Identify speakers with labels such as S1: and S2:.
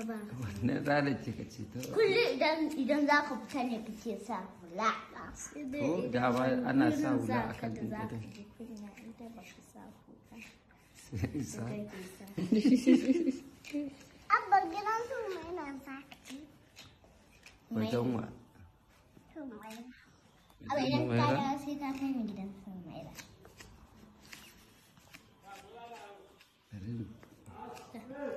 S1: ka ba
S2: wannan ranar ce ka ce ta kullum
S1: idan za ka fita ne ka ce sa hula da
S3: ana sa hula a kan dindindin gidan
S4: su mai na